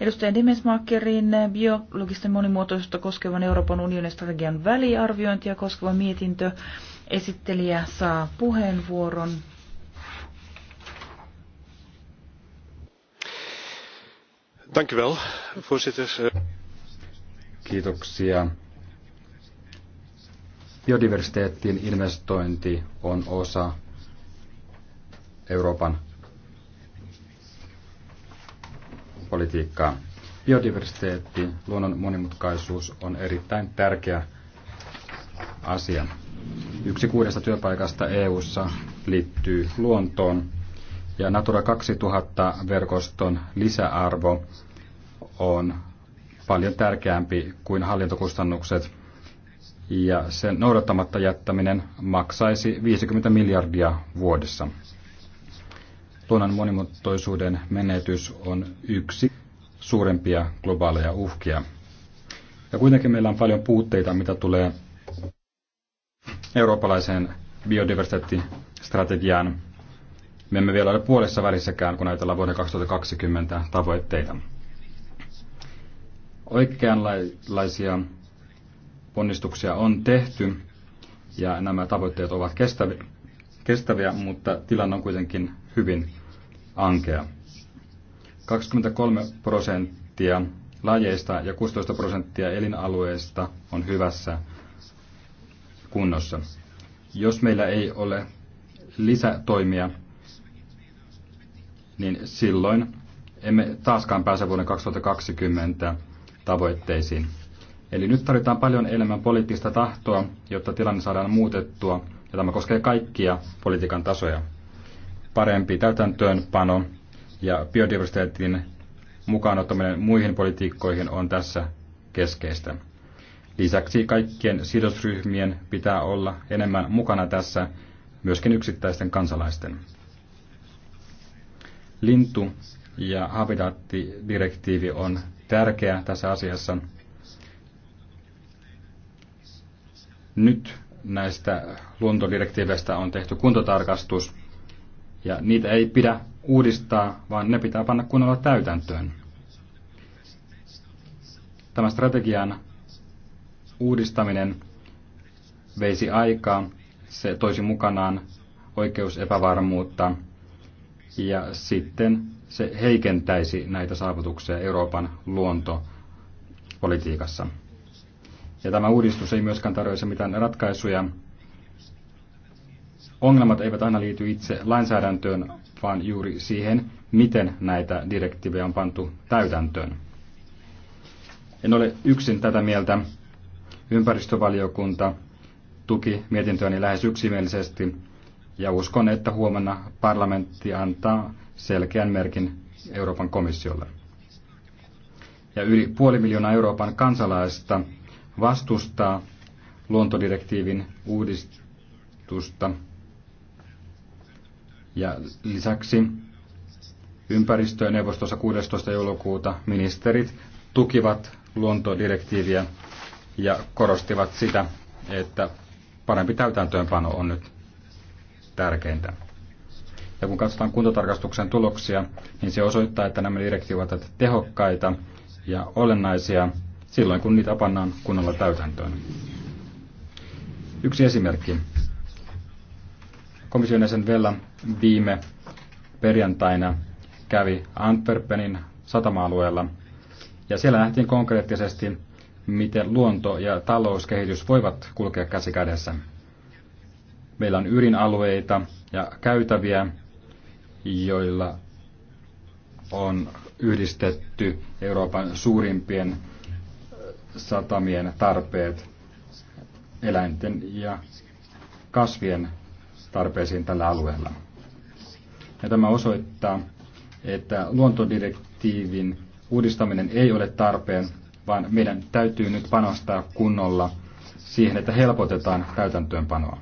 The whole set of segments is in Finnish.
edustaja Demesmakerin biologisten monimuotoisuutta koskevan Euroopan unionin strategian väliarviointia koskeva mietintö. Esittelijä saa puheenvuoron. Kiitoksia. Biodiversiteettiin investointi on osa Euroopan politiikkaa. Biodiversiteetti, luonnon monimutkaisuus on erittäin tärkeä asia. Yksi kuudesta työpaikasta EU:ssa liittyy luontoon ja Natura 2000-verkoston lisäarvo on paljon tärkeämpi kuin hallintokustannukset, ja sen noudattamatta jättäminen maksaisi 50 miljardia vuodessa. Luonnon monimuotoisuuden menetys on yksi suurempia globaaleja uhkia. Ja kuitenkin meillä on paljon puutteita, mitä tulee eurooppalaiseen biodiversiteettistrategiaan. Me emme vielä ole puolessa välissäkään, kun ajatellaan vuoden 2020 tavoitteita. Oikeanlaisia ponnistuksia on tehty ja nämä tavoitteet ovat kestäviä, kestäviä mutta tilanne on kuitenkin hyvin ankea. 23 prosenttia lajeista ja 16 prosenttia elinalueista on hyvässä kunnossa. Jos meillä ei ole lisätoimia, niin silloin emme taaskaan pääse vuoden 2020 tavoitteisiin. Eli nyt tarvitaan paljon enemmän poliittista tahtoa, jotta tilanne saadaan muutettua, ja tämä koskee kaikkia politiikan tasoja parempi täytäntöönpano ja biodiversiteetin mukaanottaminen muihin politiikkoihin on tässä keskeistä. Lisäksi kaikkien sidosryhmien pitää olla enemmän mukana tässä, myöskin yksittäisten kansalaisten. Lintu- ja habitaattidirektiivi on tärkeä tässä asiassa. Nyt näistä luontodirektiiveistä on tehty kuntotarkastus ja niitä ei pidä uudistaa, vaan ne pitää panna kunnolla täytäntöön. Tämä strategian uudistaminen veisi aikaa, se toisi mukanaan oikeusepävarmuutta ja sitten se heikentäisi näitä saavutuksia Euroopan luontopolitiikassa. Ja tämä uudistus ei myöskään tarjoisi mitään ratkaisuja ongelmat eivät aina liity itse lainsäädäntöön, vaan juuri siihen, miten näitä direktiivejä on pantu täytäntöön. En ole yksin tätä mieltä. Ympäristövaliokunta tuki mietintöäni lähes yksimielisesti ja uskon, että huomenna parlamentti antaa selkeän merkin Euroopan komissiolle. Ja yli puoli miljoonaa Euroopan kansalaista vastustaa luontodirektiivin uudistusta ja lisäksi ympäristöneuvostossa 16. joulukuuta ministerit tukivat luontodirektiiviä ja korostivat sitä, että parempi täytäntöönpano on nyt tärkeintä. Ja kun katsotaan kuntotarkastuksen tuloksia, niin se osoittaa, että nämä direktiivit ovat tehokkaita ja olennaisia silloin, kun niitä pannaan kunnolla täytäntöön. Yksi esimerkki. Komission jäsen Vella viime perjantaina kävi Antwerpenin satama-alueella ja siellä nähtiin konkreettisesti, miten luonto ja talouskehitys voivat kulkea käsi kädessä. Meillä on ydinalueita ja käytäviä, joilla on yhdistetty Euroopan suurimpien satamien tarpeet eläinten ja kasvien tarpeisiin tällä alueella. Ja tämä osoittaa, että luontodirektiivin uudistaminen ei ole tarpeen, vaan meidän täytyy nyt panostaa kunnolla siihen, että helpotetaan täytäntöönpanoa.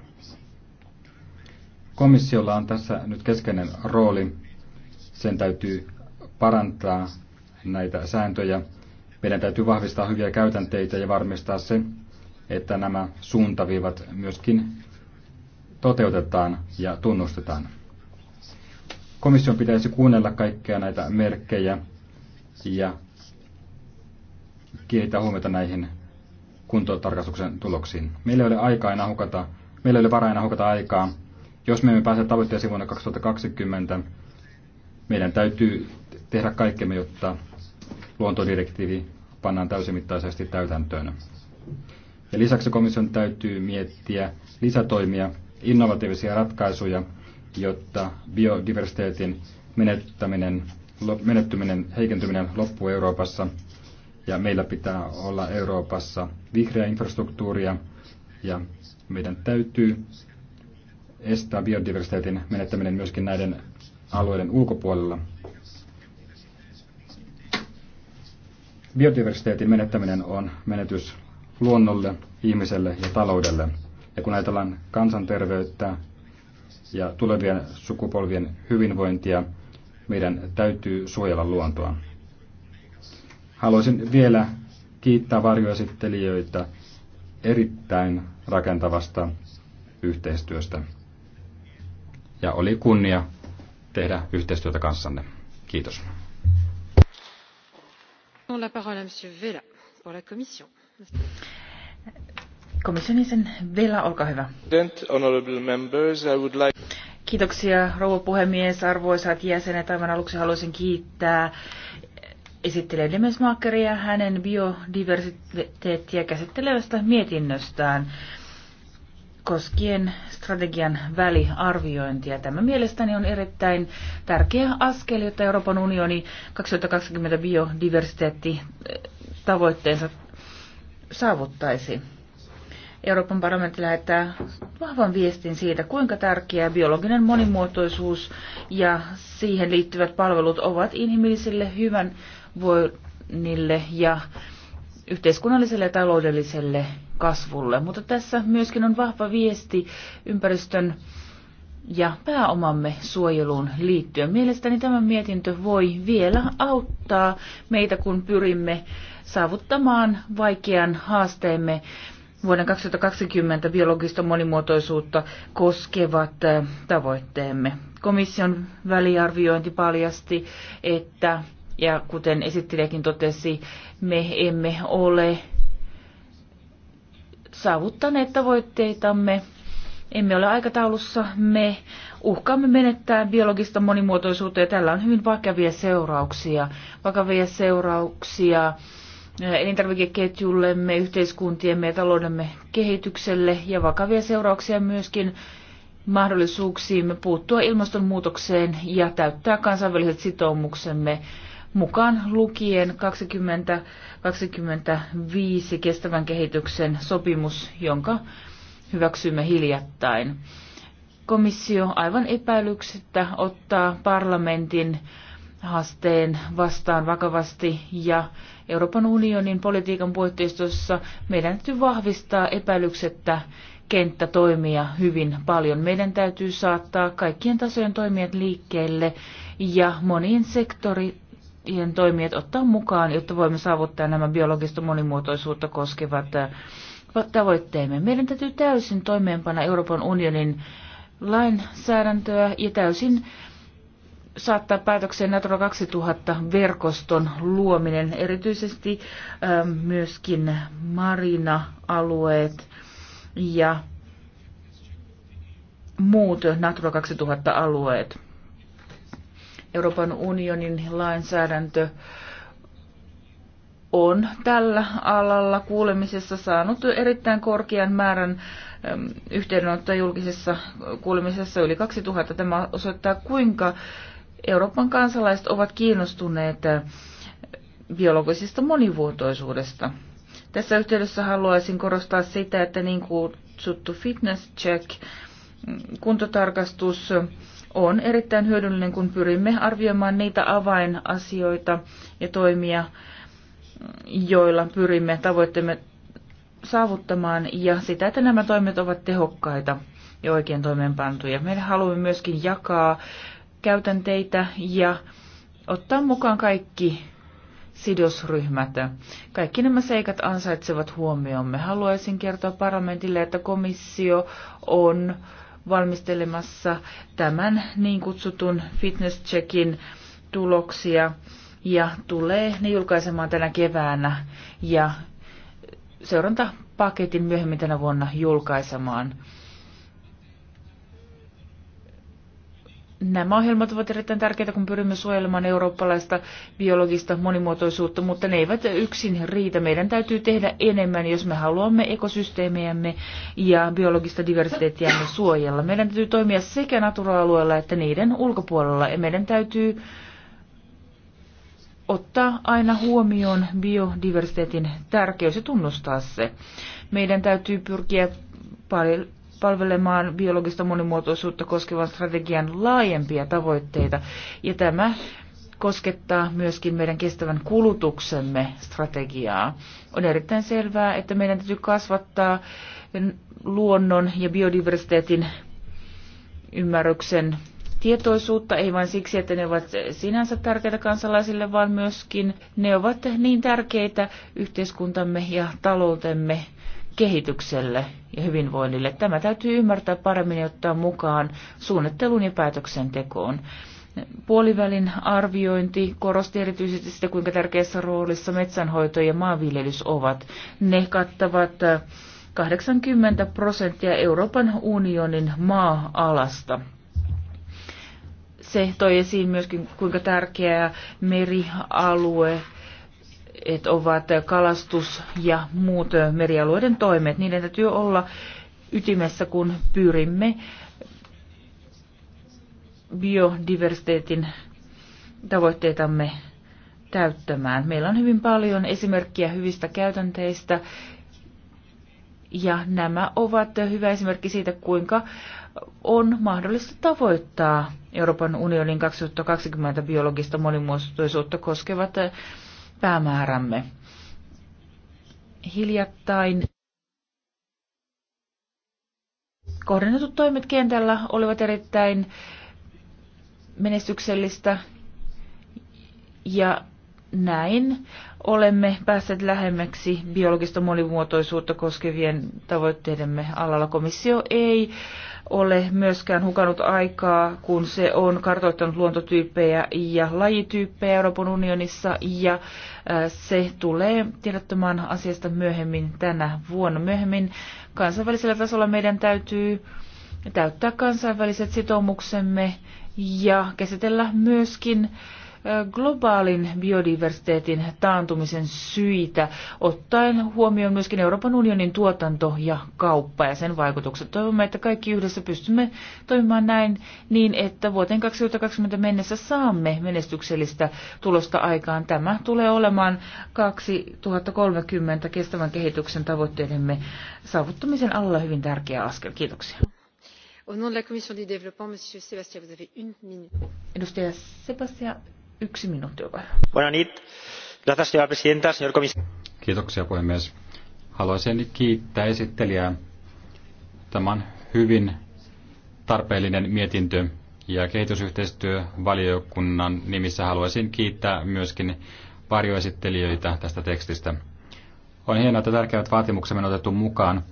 Komissiolla on tässä nyt keskeinen rooli. Sen täytyy parantaa näitä sääntöjä. Meidän täytyy vahvistaa hyviä käytänteitä ja varmistaa se, että nämä suuntaviivat myöskin toteutetaan ja tunnustetaan. Komission pitäisi kuunnella kaikkia näitä merkkejä ja kiinnittää huomiota näihin kuntotarkastuksen tuloksiin. Meillä ei ole aikaa enää hukata, meillä ei ole varaa enää hukata aikaa. Jos me emme pääse tavoitteeseen vuonna 2020, meidän täytyy tehdä kaikkemme, jotta luontodirektiivi pannaan täysimittaisesti täytäntöön. Ja lisäksi komission täytyy miettiä lisätoimia, innovatiivisia ratkaisuja, jotta biodiversiteetin menettäminen, menettyminen, heikentyminen loppuu Euroopassa. Ja meillä pitää olla Euroopassa vihreä infrastruktuuria ja meidän täytyy estää biodiversiteetin menettäminen myöskin näiden alueiden ulkopuolella. Biodiversiteetin menettäminen on menetys luonnolle, ihmiselle ja taloudelle. Ja kun ajatellaan kansanterveyttä ja tulevien sukupolvien hyvinvointia, meidän täytyy suojella luontoa. Haluaisin vielä kiittää varjoesittelijöitä erittäin rakentavasta yhteistyöstä. Ja oli kunnia tehdä yhteistyötä kanssanne. Kiitos. La parole à M. Vela pour la commission. Komission Vela, olkaa hyvä. Kiitoksia rouva puhemies, arvoisat jäsenet. Aivan aluksi haluaisin kiittää esittelee Demesmakeria hänen biodiversiteettiä käsittelevästä mietinnöstään koskien strategian väliarviointia. Tämä mielestäni on erittäin tärkeä askel, jotta Euroopan unioni 2020 biodiversiteetti tavoitteensa saavuttaisi. Euroopan parlamentti lähettää vahvan viestin siitä, kuinka tärkeää biologinen monimuotoisuus ja siihen liittyvät palvelut ovat inhimillisille hyvänvoinnille ja yhteiskunnalliselle ja taloudelliselle kasvulle. Mutta tässä myöskin on vahva viesti ympäristön ja pääomamme suojeluun liittyen. Mielestäni tämä mietintö voi vielä auttaa meitä, kun pyrimme saavuttamaan vaikean haasteemme vuoden 2020 biologista monimuotoisuutta koskevat äh, tavoitteemme. Komission väliarviointi paljasti, että, ja kuten esittelijäkin totesi, me emme ole saavuttaneet tavoitteitamme emme ole aikataulussa, me uhkaamme menettää biologista monimuotoisuutta ja tällä on hyvin vakavia seurauksia. Vakavia seurauksia elintarvikeketjullemme, yhteiskuntiemme ja taloudemme kehitykselle ja vakavia seurauksia myöskin mahdollisuuksiimme puuttua ilmastonmuutokseen ja täyttää kansainväliset sitoumuksemme mukaan lukien 2025 kestävän kehityksen sopimus, jonka hyväksymme hiljattain. Komissio aivan epäilyksettä ottaa parlamentin haasteen vastaan vakavasti ja Euroopan unionin politiikan puitteistossa meidän täytyy vahvistaa epäilyksettä kenttä toimia hyvin paljon. Meidän täytyy saattaa kaikkien tasojen toimijat liikkeelle ja moniin sektorien toimijat ottaa mukaan, jotta voimme saavuttaa nämä biologista monimuotoisuutta koskevat äh, tavoitteemme. Meidän täytyy täysin toimeenpana Euroopan unionin lainsäädäntöä ja täysin saattaa päätökseen Natura 2000-verkoston luominen, erityisesti ähm, myöskin marina-alueet ja muut Natura 2000-alueet. Euroopan unionin lainsäädäntö on tällä alalla kuulemisessa saanut erittäin korkean määrän ähm, yhteydenottoa julkisessa kuulemisessa yli 2000. Tämä osoittaa, kuinka Euroopan kansalaiset ovat kiinnostuneet äh, biologisesta monivuotoisuudesta. Tässä yhteydessä haluaisin korostaa sitä, että niin kutsuttu fitness check, mm, kuntotarkastus, on erittäin hyödyllinen, kun pyrimme arvioimaan niitä avainasioita ja toimia, mm, joilla pyrimme tavoitteemme saavuttamaan ja sitä, että nämä toimet ovat tehokkaita ja oikein toimeenpantuja. Meidän haluamme myöskin jakaa käytänteitä ja ottaa mukaan kaikki sidosryhmät. Kaikki nämä seikat ansaitsevat huomiomme. Haluaisin kertoa parlamentille, että komissio on valmistelemassa tämän niin kutsutun fitness checkin tuloksia ja tulee ne julkaisemaan tänä keväänä ja seurantapaketin myöhemmin tänä vuonna julkaisemaan. Nämä ohjelmat ovat erittäin tärkeitä, kun pyrimme suojelemaan eurooppalaista biologista monimuotoisuutta, mutta ne eivät yksin riitä. Meidän täytyy tehdä enemmän, jos me haluamme ekosysteemejämme ja biologista diversiteettiämme suojella. Meidän täytyy toimia sekä natura-alueella että niiden ulkopuolella. Ja meidän täytyy ottaa aina huomioon biodiversiteetin tärkeys ja tunnustaa se. Meidän täytyy pyrkiä palvelemaan biologista monimuotoisuutta koskevan strategian laajempia tavoitteita. Ja tämä koskettaa myöskin meidän kestävän kulutuksemme strategiaa. On erittäin selvää, että meidän täytyy kasvattaa luonnon ja biodiversiteetin ymmärryksen tietoisuutta, ei vain siksi, että ne ovat sinänsä tärkeitä kansalaisille, vaan myöskin ne ovat niin tärkeitä yhteiskuntamme ja taloutemme kehitykselle ja hyvinvoinnille. Tämä täytyy ymmärtää paremmin ja ottaa mukaan suunnitteluun ja päätöksentekoon. Puolivälin arviointi korosti erityisesti sitä, kuinka tärkeässä roolissa metsänhoito ja maanviljelys ovat. Ne kattavat 80 prosenttia Euroopan unionin maa-alasta. Se toi esiin myöskin, kuinka tärkeää merialue, et ovat kalastus ja muut merialueiden toimet. Niiden täytyy olla ytimessä, kun pyrimme biodiversiteetin tavoitteitamme täyttämään. Meillä on hyvin paljon esimerkkiä hyvistä käytänteistä ja nämä ovat hyvä esimerkki siitä, kuinka on mahdollista tavoittaa Euroopan unionin 2020 biologista monimuotoisuutta koskevat päämäärämme. Hiljattain kohdennetut toimet kentällä olivat erittäin menestyksellistä ja näin olemme päässeet lähemmäksi biologista monimuotoisuutta koskevien tavoitteidemme alalla. Komissio ei ole myöskään hukannut aikaa, kun se on kartoittanut luontotyyppejä ja lajityyppejä Euroopan unionissa ja äh, se tulee tiedottamaan asiasta myöhemmin tänä vuonna. Myöhemmin kansainvälisellä tasolla meidän täytyy täyttää kansainväliset sitoumuksemme ja käsitellä myöskin äh, globaalin biodiversiteetin taantumisen syitä, ottaen huomioon myöskin Euroopan unionin tuotanto ja kauppa ja sen vaikutukset. Toivomme, että kaikki yhdessä pystymme toimimaan näin niin, että vuoteen 2020 mennessä saamme menestyksellistä tulosta aikaan. Tämä tulee olemaan 2030 kestävän kehityksen tavoitteidemme saavuttamisen alla hyvin tärkeä askel. Kiitoksia au nom de la commission du développement monsieur sébastien vous avez une minute. Yksi presidenta, olkaa hyvä. Kiitoksia puhemies. Haluaisin kiittää esittelijää. Tämä on hyvin tarpeellinen mietintö ja kehitysyhteistyövaliokunnan nimissä haluaisin kiittää myöskin varjoesittelijöitä tästä tekstistä. On hienoa, että tärkeät vaatimuksemme on otettu mukaan.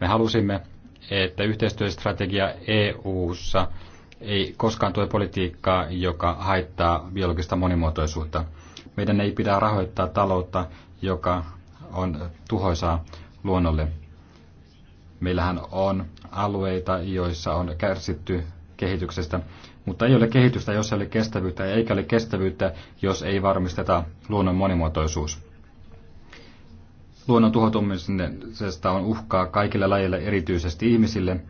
Me halusimme, että yhteistyöstrategia EU-ssa ei koskaan tue politiikkaa, joka haittaa biologista monimuotoisuutta. Meidän ei pidä rahoittaa taloutta, joka on tuhoisaa luonnolle. Meillähän on alueita, joissa on kärsitty kehityksestä, mutta ei ole kehitystä, jos ei ole kestävyyttä, eikä ole kestävyyttä, jos ei varmisteta luonnon monimuotoisuus. Luonnon tuhoutumisesta on uhkaa kaikille lajille, erityisesti ihmisille,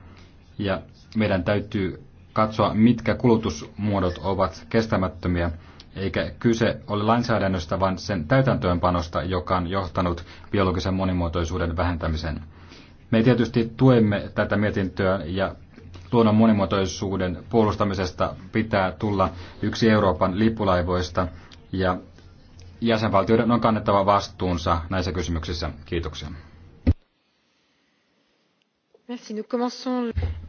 ja meidän täytyy katsoa, mitkä kulutusmuodot ovat kestämättömiä, eikä kyse ole lainsäädännöstä, vaan sen täytäntöönpanosta, joka on johtanut biologisen monimuotoisuuden vähentämiseen. Me tietysti tuemme tätä mietintöä ja luonnon monimuotoisuuden puolustamisesta pitää tulla yksi Euroopan lippulaivoista ja jäsenvaltioiden on kannettava vastuunsa näissä kysymyksissä. Kiitoksia.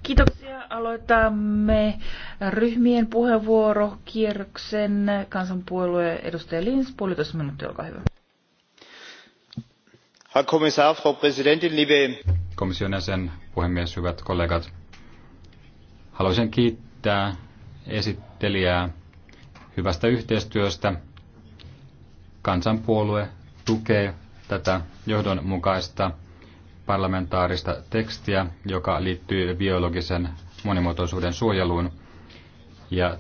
Kiitoksia. Aloitamme ryhmien puheenvuorokierroksen. Kansanpuolue edustaja Lins, puolitoista minuuttia, olkaa hyvä. Herr Kommissar, Frau Präsidentin, liebe... Komission jäsen, puhemies, hyvät kollegat. Haluaisin kiittää esittelijää hyvästä yhteistyöstä. Kansanpuolue tukee tätä johdonmukaista parlamentaarista tekstiä, joka liittyy biologisen monimuotoisuuden suojeluun. Ja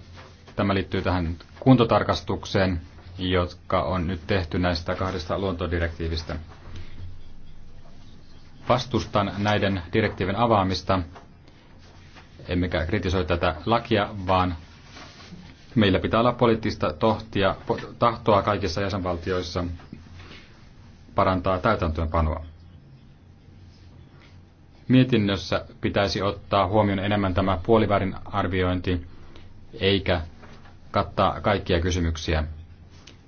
tämä liittyy tähän kuntotarkastukseen, jotka on nyt tehty näistä kahdesta luontodirektiivistä. Vastustan näiden direktiivin avaamista, emmekä kritisoi tätä lakia, vaan meillä pitää olla poliittista tohtia, tahtoa kaikissa jäsenvaltioissa parantaa täytäntöönpanoa mietinnössä pitäisi ottaa huomioon enemmän tämä puolivärin arviointi, eikä kattaa kaikkia kysymyksiä.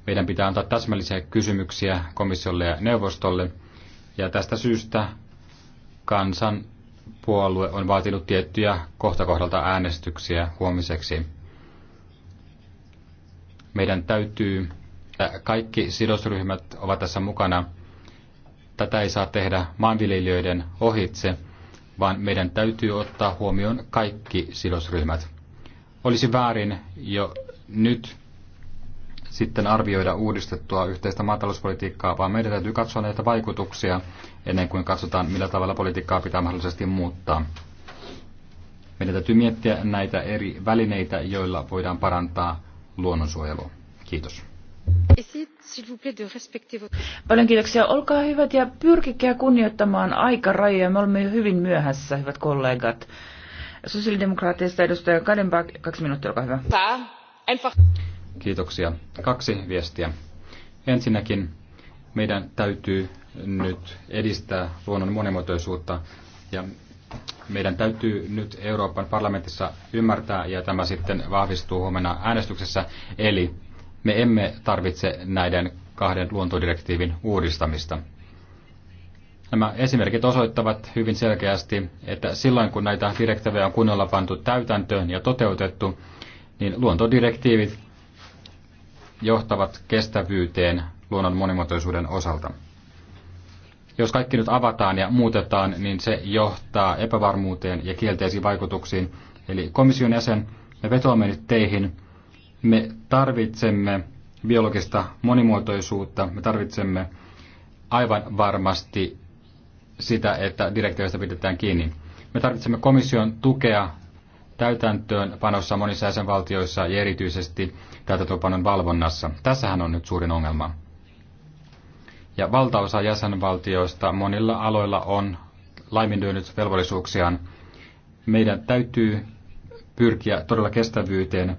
Meidän pitää antaa täsmällisiä kysymyksiä komissiolle ja neuvostolle, ja tästä syystä kansan puolue on vaatinut tiettyjä kohtakohdalta äänestyksiä huomiseksi. Meidän täytyy, kaikki sidosryhmät ovat tässä mukana. Tätä ei saa tehdä maanviljelijöiden ohitse, vaan meidän täytyy ottaa huomioon kaikki sidosryhmät. Olisi väärin jo nyt sitten arvioida uudistettua yhteistä maatalouspolitiikkaa, vaan meidän täytyy katsoa näitä vaikutuksia ennen kuin katsotaan, millä tavalla politiikkaa pitää mahdollisesti muuttaa. Meidän täytyy miettiä näitä eri välineitä, joilla voidaan parantaa luonnonsuojelua. Kiitos. Paljon kiitoksia. Olkaa hyvät ja pyrkikää kunnioittamaan aikarajoja. Me olemme jo hyvin myöhässä, hyvät kollegat. Sosiaalidemokraateista edustaja Kadenbach, kaksi minuuttia, olkaa hyvä. Kiitoksia. Kaksi viestiä. Ensinnäkin meidän täytyy nyt edistää luonnon monimuotoisuutta ja meidän täytyy nyt Euroopan parlamentissa ymmärtää, ja tämä sitten vahvistuu huomenna äänestyksessä, eli me emme tarvitse näiden kahden luontodirektiivin uudistamista. Nämä esimerkit osoittavat hyvin selkeästi, että silloin kun näitä direktiivejä on kunnolla pantu täytäntöön ja toteutettu, niin luontodirektiivit johtavat kestävyyteen luonnon monimuotoisuuden osalta. Jos kaikki nyt avataan ja muutetaan, niin se johtaa epävarmuuteen ja kielteisiin vaikutuksiin. Eli komission jäsen, me vetoamme nyt teihin, me tarvitsemme biologista monimuotoisuutta, me tarvitsemme aivan varmasti sitä, että direktiivistä pidetään kiinni. Me tarvitsemme komission tukea täytäntöön panossa monissa jäsenvaltioissa ja erityisesti täytäntöpanon valvonnassa. Tässähän on nyt suurin ongelma. Ja valtaosa jäsenvaltioista monilla aloilla on laiminlyönyt velvollisuuksiaan. Meidän täytyy pyrkiä todella kestävyyteen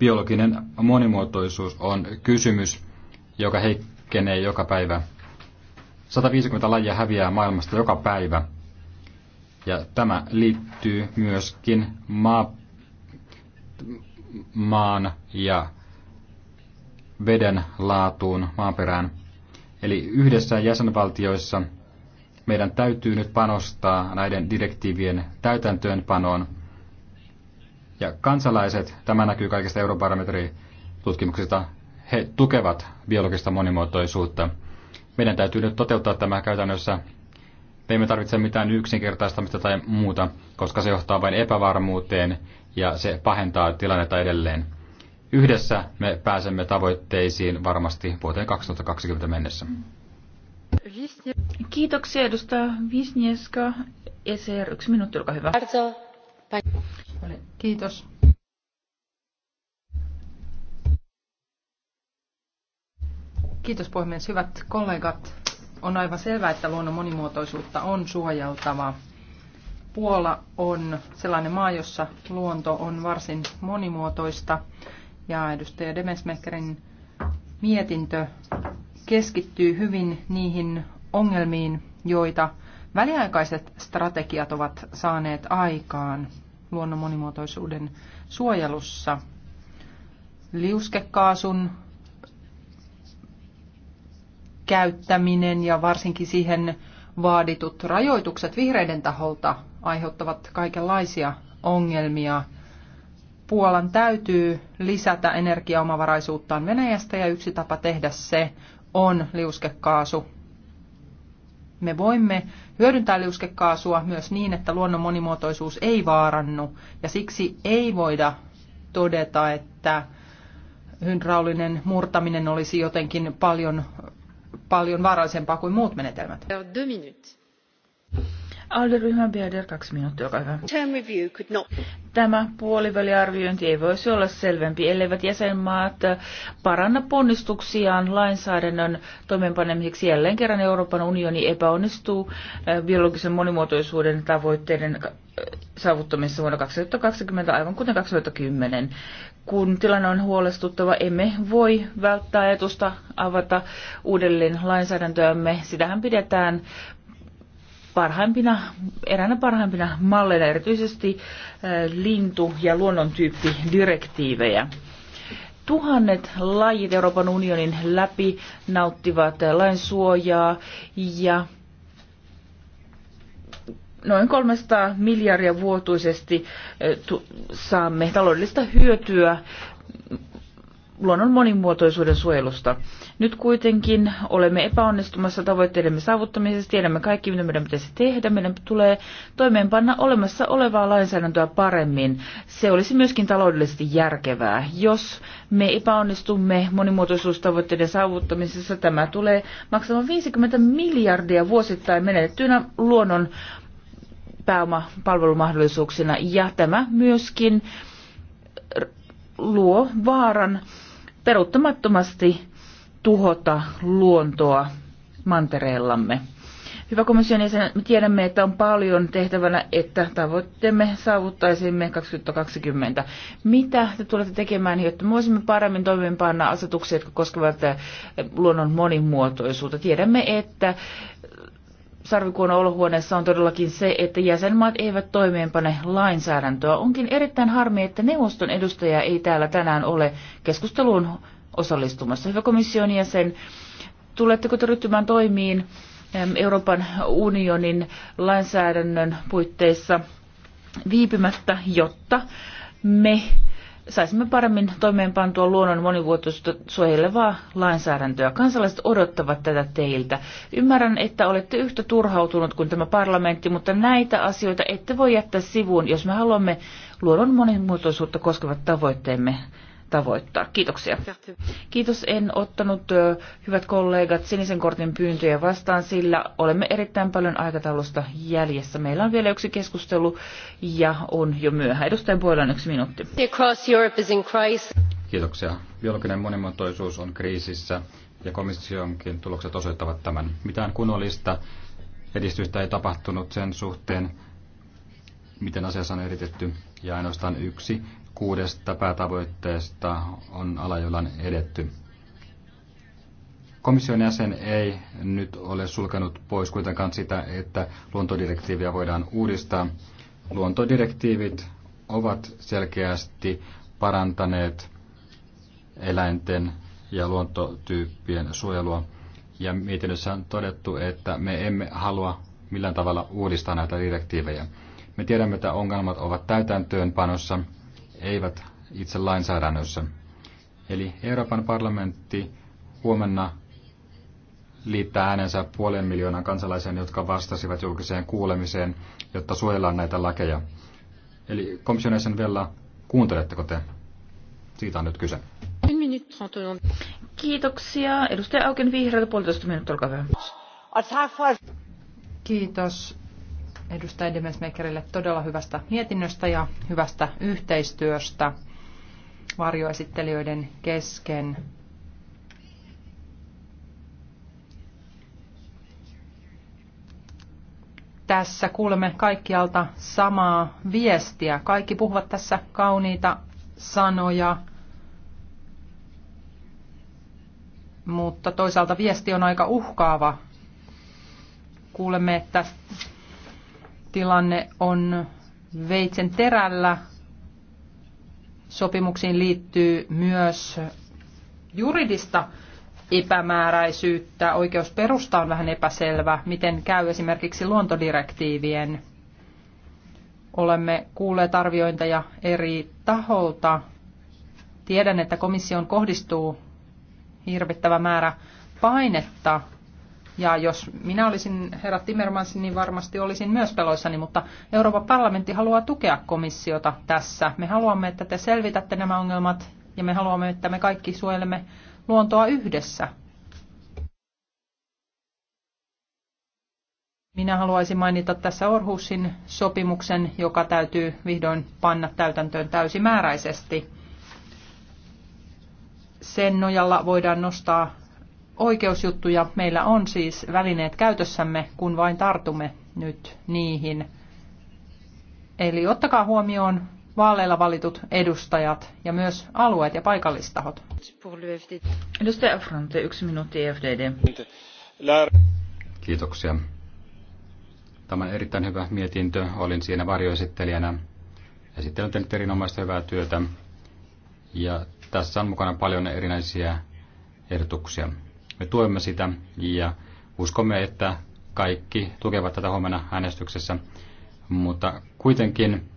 biologinen monimuotoisuus on kysymys, joka heikkenee joka päivä. 150 lajia häviää maailmasta joka päivä. Ja tämä liittyy myöskin maa, maan ja veden laatuun, maaperään. Eli yhdessä jäsenvaltioissa meidän täytyy nyt panostaa näiden direktiivien täytäntöönpanoon – ja kansalaiset, tämä näkyy kaikista tutkimuksista, he tukevat biologista monimuotoisuutta. Meidän täytyy nyt toteuttaa tämä käytännössä. Me emme tarvitse mitään yksinkertaistamista tai muuta, koska se johtaa vain epävarmuuteen ja se pahentaa tilannetta edelleen. Yhdessä me pääsemme tavoitteisiin varmasti vuoteen 2020 mennessä. Kiitoksia edustaja Visnieska. ECR, yksi minuutti, olkaa hyvä. Kiitos. Kiitos puhemies. Hyvät kollegat, on aivan selvää, että luonnon monimuotoisuutta on suojeltava. Puola on sellainen maa, jossa luonto on varsin monimuotoista ja edustaja Demesmekerin mietintö keskittyy hyvin niihin ongelmiin, joita väliaikaiset strategiat ovat saaneet aikaan luonnon monimuotoisuuden suojelussa. Liuskekaasun käyttäminen ja varsinkin siihen vaaditut rajoitukset vihreiden taholta aiheuttavat kaikenlaisia ongelmia. Puolan täytyy lisätä energiaomavaraisuuttaan Venäjästä ja yksi tapa tehdä se on liuskekaasu me voimme hyödyntää liuskekaasua myös niin, että luonnon monimuotoisuus ei vaarannu ja siksi ei voida todeta, että hydraulinen murtaminen olisi jotenkin paljon, paljon vaarallisempaa kuin muut menetelmät. Alderyhmän Beader, kaksi minuuttia, olkaa hyvä. Tämä puoliväliarviointi ei voisi olla selvempi, elleivät jäsenmaat paranna ponnistuksiaan lainsäädännön toimeenpanemiseksi. Jälleen kerran Euroopan unioni epäonnistuu äh, biologisen monimuotoisuuden tavoitteiden äh, saavuttamisessa vuonna 2020, aivan kuten 2010. Kun tilanne on huolestuttava, emme voi välttää ajatusta avata uudelleen lainsäädäntöämme. Sitähän pidetään parhaimpina, eräänä parhaimpina malleina erityisesti lintu- ja luonnontyyppidirektiivejä. Tuhannet lajit Euroopan unionin läpi nauttivat lainsuojaa ja noin 300 miljardia vuotuisesti saamme taloudellista hyötyä luonnon monimuotoisuuden suojelusta. Nyt kuitenkin olemme epäonnistumassa tavoitteidemme saavuttamisessa. Tiedämme kaikki, mitä meidän pitäisi tehdä. Meidän tulee toimeenpanna olemassa olevaa lainsäädäntöä paremmin. Se olisi myöskin taloudellisesti järkevää. Jos me epäonnistumme monimuotoisuustavoitteiden saavuttamisessa, tämä tulee maksamaan 50 miljardia vuosittain menetettynä luonnon pääomapalvelumahdollisuuksina. Ja tämä myöskin luo vaaran peruuttamattomasti tuhota luontoa mantereellamme. Hyvä komission jäsen, me tiedämme, että on paljon tehtävänä, että tavoitteemme saavuttaisimme 2020. Mitä te tulette tekemään, jotta voisimme paremmin toimeenpanna asetuksia, jotka koskevat luonnon monimuotoisuutta? Tiedämme, että sarvikuona olohuoneessa on todellakin se, että jäsenmaat eivät toimeenpane lainsäädäntöä. Onkin erittäin harmi, että neuvoston edustaja ei täällä tänään ole keskusteluun osallistumassa. Hyvä komission jäsen, tuletteko te ryhtymään toimiin Euroopan unionin lainsäädännön puitteissa viipymättä, jotta me saisimme paremmin toimeenpantua luonnon monivuotoista suojelevaa lainsäädäntöä. Kansalaiset odottavat tätä teiltä. Ymmärrän, että olette yhtä turhautunut kuin tämä parlamentti, mutta näitä asioita ette voi jättää sivuun, jos me haluamme luonnon monimuotoisuutta koskevat tavoitteemme tavoittaa. Kiitoksia. Kiitos, en ottanut hyvät kollegat sinisen kortin pyyntöjä vastaan, sillä olemme erittäin paljon aikataulusta jäljessä. Meillä on vielä yksi keskustelu ja on jo myöhä. Edustaja on yksi minuutti. Kiitoksia. Biologinen monimuotoisuus on kriisissä ja komissionkin tulokset osoittavat tämän. Mitään kunnollista edistystä ei tapahtunut sen suhteen, miten asiassa on eritetty, ja ainoastaan yksi kuudesta päätavoitteesta on ala, jolla on edetty. Komission jäsen ei nyt ole sulkenut pois kuitenkaan sitä, että luontodirektiiviä voidaan uudistaa. Luontodirektiivit ovat selkeästi parantaneet eläinten ja luontotyyppien suojelua. Ja mietinnössä on todettu, että me emme halua millään tavalla uudistaa näitä direktiivejä. Me tiedämme, että ongelmat ovat täytäntöönpanossa, eivät itse lainsäädännössä. Eli Euroopan parlamentti huomenna liittää äänensä puolen miljoonan kansalaisen, jotka vastasivat julkiseen kuulemiseen, jotta suojellaan näitä lakeja. Eli komission vielä, kuunteletteko te? Siitä on nyt kyse. Kiitoksia. Edustaja Auken vihreältä puolitoista minuuttia, olkaa hyvä. Kiitos edustaja Demesmakerille todella hyvästä mietinnöstä ja hyvästä yhteistyöstä varjoesittelijöiden kesken. Tässä kuulemme kaikkialta samaa viestiä. Kaikki puhuvat tässä kauniita sanoja, mutta toisaalta viesti on aika uhkaava. Kuulemme, että tilanne on veitsen terällä. Sopimuksiin liittyy myös juridista epämääräisyyttä. Oikeusperusta on vähän epäselvä, miten käy esimerkiksi luontodirektiivien. Olemme kuulleet arviointeja eri taholta. Tiedän, että komission kohdistuu hirvittävä määrä painetta ja jos minä olisin herra Timmermans, niin varmasti olisin myös peloissani, mutta Euroopan parlamentti haluaa tukea komissiota tässä. Me haluamme, että te selvitätte nämä ongelmat ja me haluamme, että me kaikki suojelemme luontoa yhdessä. Minä haluaisin mainita tässä Orhusin sopimuksen, joka täytyy vihdoin panna täytäntöön täysimääräisesti. Sen nojalla voidaan nostaa oikeusjuttuja. Meillä on siis välineet käytössämme, kun vain tartumme nyt niihin. Eli ottakaa huomioon vaaleilla valitut edustajat ja myös alueet ja paikallistahot. Edustaja Fronte, yksi minuutti FDD. Kiitoksia. Tämä on erittäin hyvä mietintö. Olin siinä varjoesittelijänä. Esittelen on tehnyt erinomaista hyvää työtä. Ja tässä on mukana paljon erinäisiä ehdotuksia. Me tuemme sitä ja uskomme, että kaikki tukevat tätä huomenna äänestyksessä, mutta kuitenkin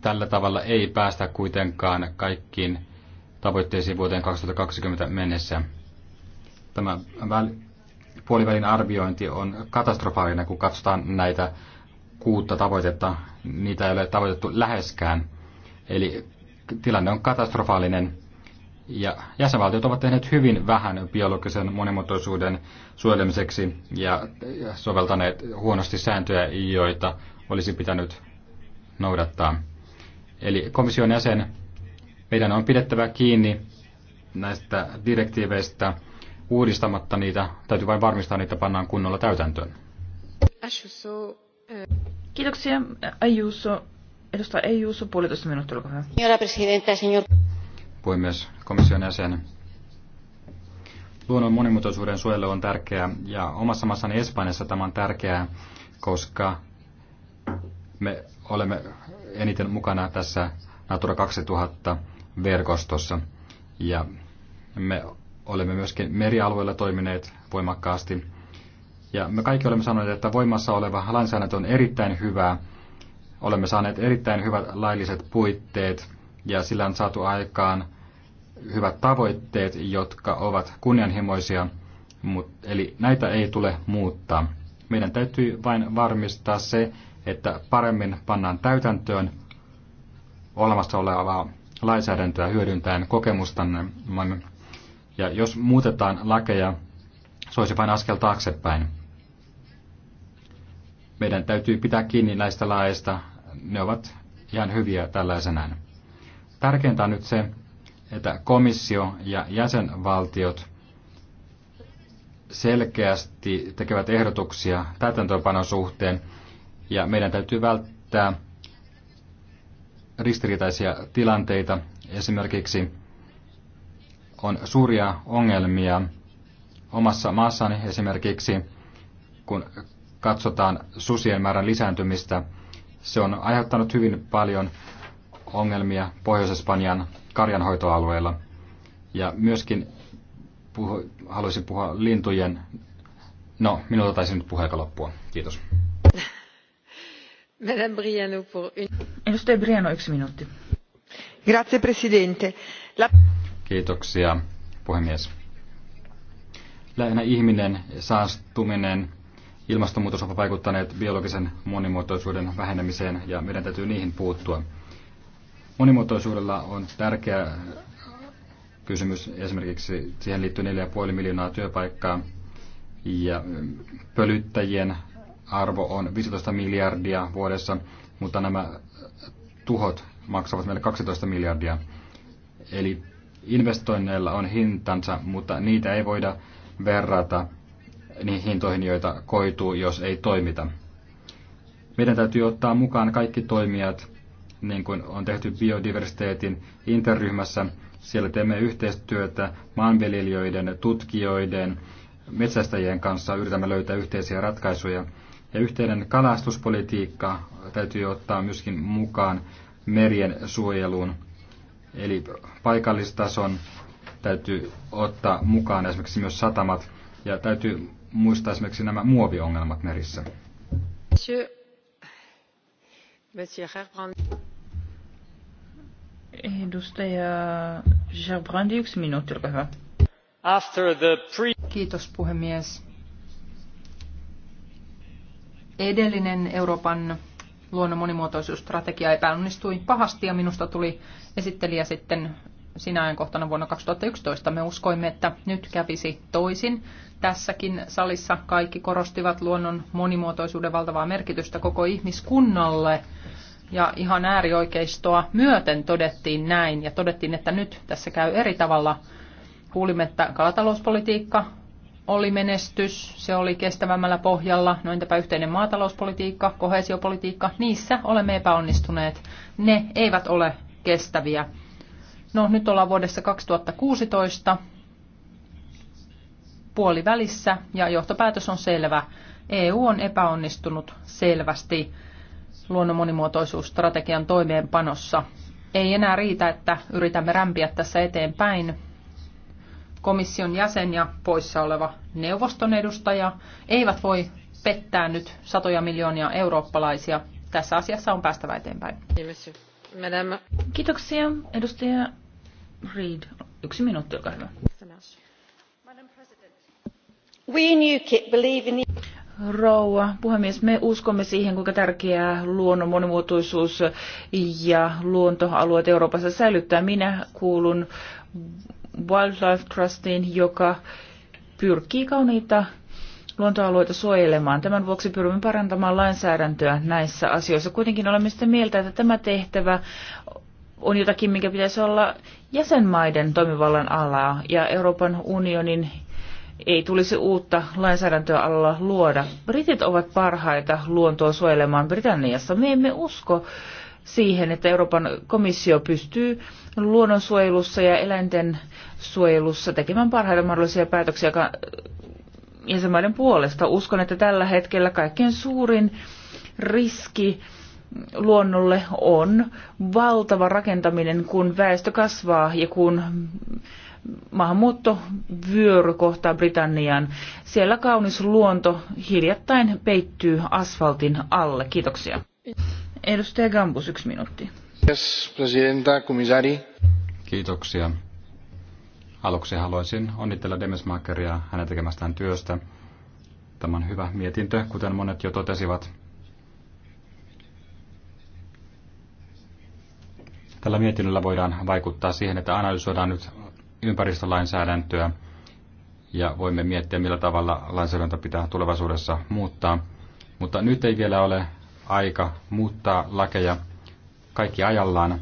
tällä tavalla ei päästä kuitenkaan kaikkiin tavoitteisiin vuoteen 2020 mennessä. Tämä puolivälin arviointi on katastrofaalinen, kun katsotaan näitä kuutta tavoitetta. Niitä ei ole tavoitettu läheskään. Eli tilanne on katastrofaalinen. Ja jäsenvaltiot ovat tehneet hyvin vähän biologisen monimuotoisuuden suojelemiseksi ja soveltaneet huonosti sääntöjä, joita olisi pitänyt noudattaa. Eli komission jäsen, meidän on pidettävä kiinni näistä direktiiveistä uudistamatta niitä. Täytyy vain varmistaa, että niitä pannaan kunnolla täytäntöön. Eh. Kiitoksia. Ayuso. Edustaja Ayuso, puolitoista minuuttia, olkaa hyvä puhemies, komission jäsen. Luonnon monimuotoisuuden suojelu on tärkeää ja omassa maassani Espanjassa tämä on tärkeää, koska me olemme eniten mukana tässä Natura 2000 verkostossa ja me olemme myöskin merialueella toimineet voimakkaasti. Ja me kaikki olemme sanoneet, että voimassa oleva lainsäädäntö on erittäin hyvää. Olemme saaneet erittäin hyvät lailliset puitteet ja sillä on saatu aikaan hyvät tavoitteet, jotka ovat kunnianhimoisia, mutta, eli näitä ei tule muuttaa. Meidän täytyy vain varmistaa se, että paremmin pannaan täytäntöön olemassa olevaa lainsäädäntöä hyödyntäen kokemustanne. Ja jos muutetaan lakeja, se olisi vain askel taaksepäin. Meidän täytyy pitää kiinni näistä laeista. Ne ovat ihan hyviä tällaisenaan. Tärkeintä on nyt se, että komissio ja jäsenvaltiot selkeästi tekevät ehdotuksia täytäntöönpanon suhteen, ja meidän täytyy välttää ristiriitaisia tilanteita. Esimerkiksi on suuria ongelmia omassa maassani esimerkiksi, kun katsotaan susien määrän lisääntymistä. Se on aiheuttanut hyvin paljon ongelmia Pohjois-Espanjan karjanhoitoalueilla. Ja myöskin puhu, haluaisin puhua lintujen... No, minulta taisi nyt puheaika loppua. Kiitos. Madame Briano, pour une... Edustaja Briano, yksi minuutti. Grazie, presidente. La... Kiitoksia, puhemies. Lähinnä ihminen, saastuminen, ilmastonmuutos ovat vaikuttaneet biologisen monimuotoisuuden vähenemiseen ja meidän täytyy niihin puuttua monimuotoisuudella on tärkeä kysymys. Esimerkiksi siihen liittyy 4,5 miljoonaa työpaikkaa ja pölyttäjien arvo on 15 miljardia vuodessa, mutta nämä tuhot maksavat meille 12 miljardia. Eli investoinneilla on hintansa, mutta niitä ei voida verrata niihin hintoihin, joita koituu, jos ei toimita. Meidän täytyy ottaa mukaan kaikki toimijat niin kuin on tehty biodiversiteetin interryhmässä. Siellä teemme yhteistyötä maanviljelijöiden, tutkijoiden, metsästäjien kanssa, yritämme löytää yhteisiä ratkaisuja. Ja yhteinen kalastuspolitiikka täytyy ottaa myöskin mukaan merien suojeluun. Eli paikallistason täytyy ottaa mukaan esimerkiksi myös satamat ja täytyy muistaa esimerkiksi nämä muoviongelmat merissä. Monsieur, Monsieur Edustaja Gerbrandi, yksi minuutti, olkaa hyvä. After the pre... Kiitos puhemies. Edellinen Euroopan luonnon monimuotoisuusstrategia epäonnistui pahasti ja minusta tuli esittelijä sitten sinä ajankohtana vuonna 2011. Me uskoimme, että nyt kävisi toisin. Tässäkin salissa kaikki korostivat luonnon monimuotoisuuden valtavaa merkitystä koko ihmiskunnalle ja ihan äärioikeistoa myöten todettiin näin ja todettiin, että nyt tässä käy eri tavalla. Kuulimme, että kalatalouspolitiikka oli menestys, se oli kestävämmällä pohjalla, no entäpä yhteinen maatalouspolitiikka, kohesiopolitiikka, niissä olemme epäonnistuneet. Ne eivät ole kestäviä. No nyt ollaan vuodessa 2016 puolivälissä ja johtopäätös on selvä. EU on epäonnistunut selvästi luonnon monimuotoisuusstrategian toimeenpanossa. Ei enää riitä, että yritämme rämpiä tässä eteenpäin. Komission jäsen ja poissa oleva neuvoston edustaja eivät voi pettää nyt satoja miljoonia eurooppalaisia. Tässä asiassa on päästävä eteenpäin. Kiitoksia. Edustaja Reid, yksi minuutti, olkaa hyvä. We in UKIP believe in the rouva puhemies. Me uskomme siihen, kuinka tärkeää luonnon monimuotoisuus ja luontoalueet Euroopassa säilyttää. Minä kuulun Wildlife Trustiin, joka pyrkii kauniita luontoalueita suojelemaan. Tämän vuoksi pyrimme parantamaan lainsäädäntöä näissä asioissa. Kuitenkin olemme sitä mieltä, että tämä tehtävä on jotakin, mikä pitäisi olla jäsenmaiden toimivallan alaa ja Euroopan unionin ei tulisi uutta lainsäädäntöä alla luoda. Britit ovat parhaita luontoa suojelemaan Britanniassa. Me emme usko siihen, että Euroopan komissio pystyy luonnonsuojelussa ja eläinten suojelussa tekemään parhaita mahdollisia päätöksiä jäsenmaiden puolesta. Uskon, että tällä hetkellä kaikkein suurin riski luonnolle on valtava rakentaminen, kun väestö kasvaa ja kun maahanmuuttovyöry kohta Britannian. Siellä kaunis luonto hiljattain peittyy asfaltin alle. Kiitoksia. Edustaja Gambus, yksi minuutti. Yes, presidenta, komisari. Kiitoksia. Aluksi haluaisin onnitella Demesmakeria hänen tekemästään työstä. Tämä on hyvä mietintö, kuten monet jo totesivat. Tällä mietinnöllä voidaan vaikuttaa siihen, että analysoidaan nyt ympäristölainsäädäntöä ja voimme miettiä, millä tavalla lainsäädäntö pitää tulevaisuudessa muuttaa. Mutta nyt ei vielä ole aika muuttaa lakeja kaikki ajallaan.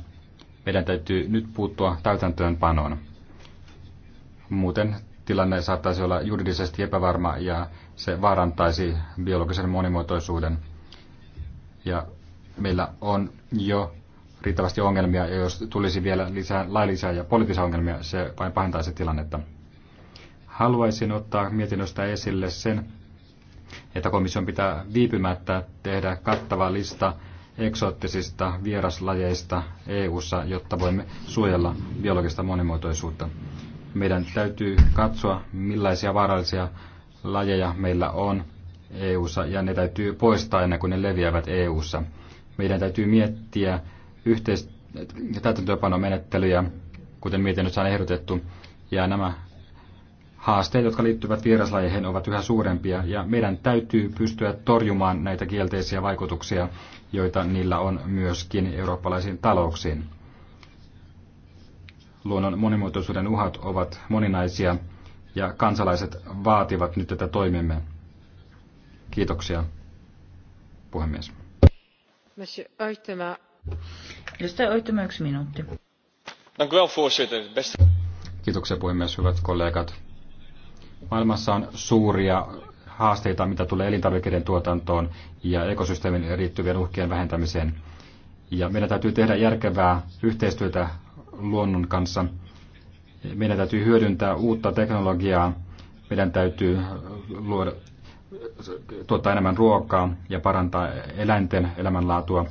Meidän täytyy nyt puuttua täytäntöönpanoon. Muuten tilanne saattaisi olla juridisesti epävarma ja se vaarantaisi biologisen monimuotoisuuden. Ja meillä on jo riittävästi ongelmia, ja jos tulisi vielä lisää laillisia ja poliittisia ongelmia, se vain pahentaisi tilannetta. Haluaisin ottaa mietinnöstä esille sen, että komission pitää viipymättä tehdä kattava lista eksoottisista vieraslajeista EU:ssa, jotta voimme suojella biologista monimuotoisuutta. Meidän täytyy katsoa, millaisia vaarallisia lajeja meillä on EU:ssa ja ne täytyy poistaa ennen kuin ne leviävät EU:ssa. Meidän täytyy miettiä yhteis- täytäntöönpanomenettelyjä, kuten mietinnössä on ehdotettu, ja nämä haasteet, jotka liittyvät vieraslajeihin, ovat yhä suurempia, ja meidän täytyy pystyä torjumaan näitä kielteisiä vaikutuksia, joita niillä on myöskin eurooppalaisiin talouksiin. Luonnon monimuotoisuuden uhat ovat moninaisia, ja kansalaiset vaativat nyt tätä toimimme. Kiitoksia, puhemies. Monsieur Edustaja Oittama, yksi minuutti. Kiitoksia puhemies, hyvät kollegat. Maailmassa on suuria haasteita, mitä tulee elintarvikkeiden tuotantoon ja ekosysteemin riittyvien uhkien vähentämiseen. Ja meidän täytyy tehdä järkevää yhteistyötä luonnon kanssa. Meidän täytyy hyödyntää uutta teknologiaa. Meidän täytyy luoda, tuottaa enemmän ruokaa ja parantaa eläinten elämänlaatua.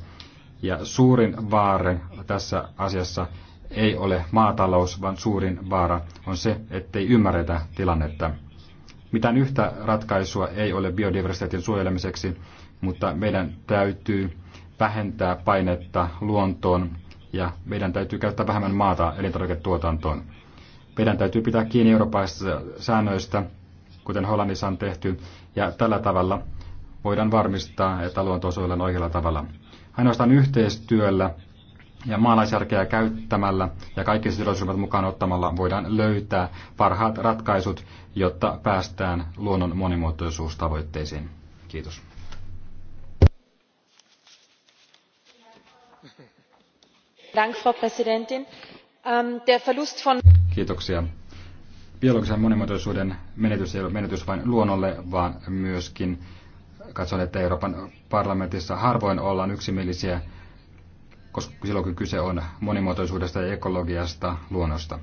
Ja suurin vaare tässä asiassa ei ole maatalous, vaan suurin vaara on se, ettei ymmärretä tilannetta. Mitään yhtä ratkaisua ei ole biodiversiteetin suojelemiseksi, mutta meidän täytyy vähentää painetta luontoon ja meidän täytyy käyttää vähemmän maata elintarviketuotantoon. Meidän täytyy pitää kiinni eurooppalaisista säännöistä, kuten Hollannissa on tehty, ja tällä tavalla voidaan varmistaa, että luonto suojellaan oikealla tavalla. Ainoastaan yhteistyöllä ja maalaisjärkeä käyttämällä ja kaikki sidosryhmät mukaan ottamalla voidaan löytää parhaat ratkaisut, jotta päästään luonnon monimuotoisuustavoitteisiin. Kiitos. Ähm, Kiitoksia. Biologisen monimuotoisuuden menetys ei ole menetys vain luonnolle, vaan myöskin katson, että Euroopan parlamentissa harvoin ollaan yksimielisiä, koska silloin kun kyse on monimuotoisuudesta ja ekologiasta luonnosta.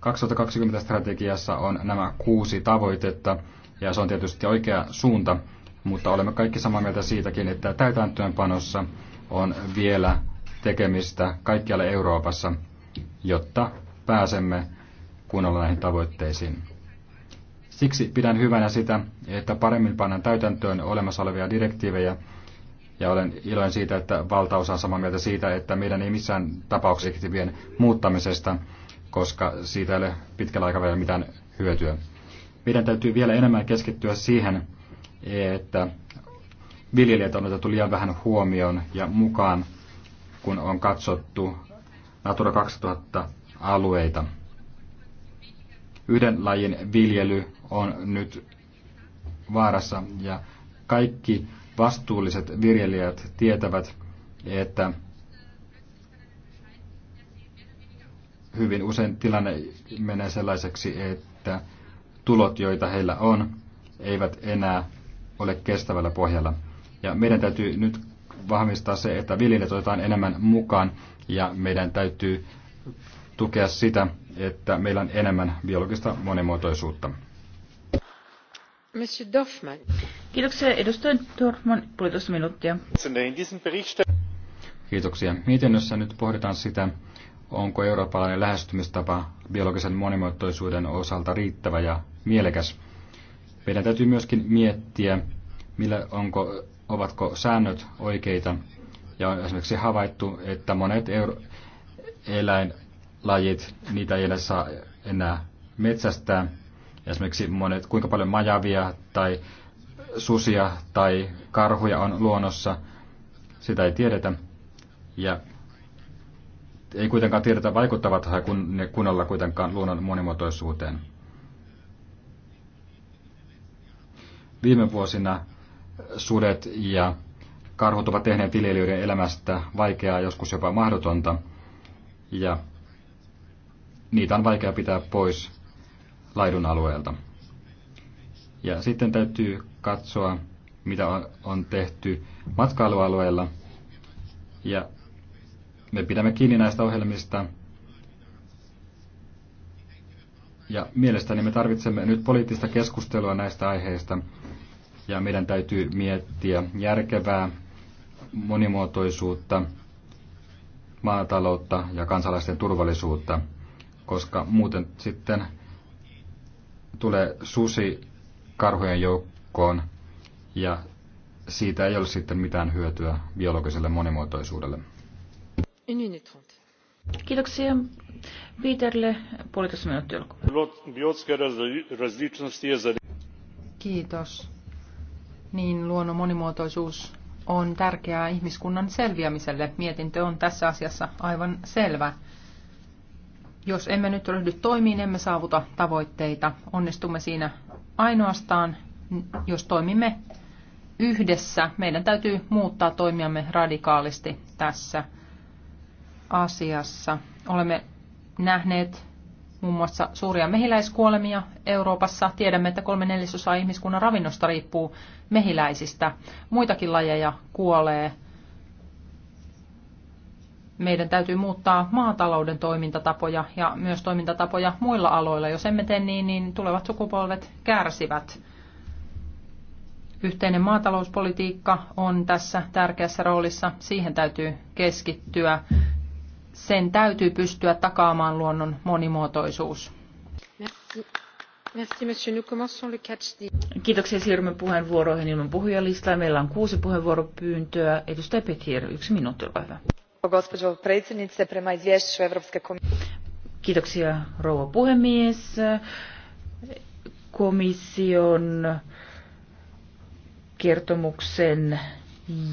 2020 strategiassa on nämä kuusi tavoitetta, ja se on tietysti oikea suunta, mutta olemme kaikki samaa mieltä siitäkin, että täytäntöönpanossa on vielä tekemistä kaikkialla Euroopassa, jotta pääsemme kunnolla näihin tavoitteisiin. Siksi pidän hyvänä sitä, että paremmin pannaan täytäntöön olemassa olevia direktiivejä, ja olen iloinen siitä, että valtaosa on samaa mieltä siitä, että meidän ei missään tapauksessa direktiivien muuttamisesta, koska siitä ei ole pitkällä aikavälillä mitään hyötyä. Meidän täytyy vielä enemmän keskittyä siihen, että viljelijät on otettu liian vähän huomioon ja mukaan, kun on katsottu Natura 2000 alueita. Yhden lajin viljely on nyt vaarassa ja kaikki vastuulliset viljelijät tietävät, että hyvin usein tilanne menee sellaiseksi, että tulot, joita heillä on, eivät enää ole kestävällä pohjalla. Ja meidän täytyy nyt vahvistaa se, että viljelijät otetaan enemmän mukaan ja meidän täytyy tukea sitä, että meillä on enemmän biologista monimuotoisuutta. Monsieur Dorfman. Kiitoksia edustaja Dorfman, puolitoista minuuttia. Kiitoksia. Mietinnössä nyt pohditaan sitä, onko eurooppalainen lähestymistapa biologisen monimuotoisuuden osalta riittävä ja mielekäs. Meidän täytyy myöskin miettiä, millä onko, ovatko säännöt oikeita. Ja on esimerkiksi havaittu, että monet euro- eläin lajit, niitä ei edes saa enää metsästää. Esimerkiksi monet, kuinka paljon majavia tai susia tai karhuja on luonnossa, sitä ei tiedetä. Ja ei kuitenkaan tiedetä, vaikuttavat kun ne kunnolla kuitenkaan luonnon monimuotoisuuteen. Viime vuosina sudet ja karhut ovat tehneet viljelijöiden elämästä vaikeaa, joskus jopa mahdotonta. Ja niitä on vaikea pitää pois laidun alueelta. Ja sitten täytyy katsoa, mitä on tehty matkailualueella. Ja me pidämme kiinni näistä ohjelmista. Ja mielestäni me tarvitsemme nyt poliittista keskustelua näistä aiheista. Ja meidän täytyy miettiä järkevää monimuotoisuutta, maataloutta ja kansalaisten turvallisuutta koska muuten sitten tulee susi karhujen joukkoon ja siitä ei ole sitten mitään hyötyä biologiselle monimuotoisuudelle. Kiitoksia Peterille. Puolitoista minuuttia olkoon. Kiitos. Niin luonnon monimuotoisuus on tärkeää ihmiskunnan selviämiselle. Mietintö on tässä asiassa aivan selvä. Jos emme nyt ryhdy toimiin, emme saavuta tavoitteita. Onnistumme siinä ainoastaan, jos toimimme yhdessä. Meidän täytyy muuttaa toimiamme radikaalisti tässä asiassa. Olemme nähneet muun muassa suuria mehiläiskuolemia Euroopassa. Tiedämme, että kolme neljäsosaa ihmiskunnan ravinnosta riippuu mehiläisistä. Muitakin lajeja kuolee meidän täytyy muuttaa maatalouden toimintatapoja ja myös toimintatapoja muilla aloilla. Jos emme tee niin, niin tulevat sukupolvet kärsivät. Yhteinen maatalouspolitiikka on tässä tärkeässä roolissa. Siihen täytyy keskittyä. Sen täytyy pystyä takaamaan luonnon monimuotoisuus. Merci. Kiitoksia. Siirrymme puheenvuoroihin ilman puhujalistaa. Meillä on kuusi puheenvuoropyyntöä. Edustaja Petir, yksi minuutti, olkaa hyvä gospođo predsjednice prema izvješću europske komisije rouva puhemies komission kertomuksen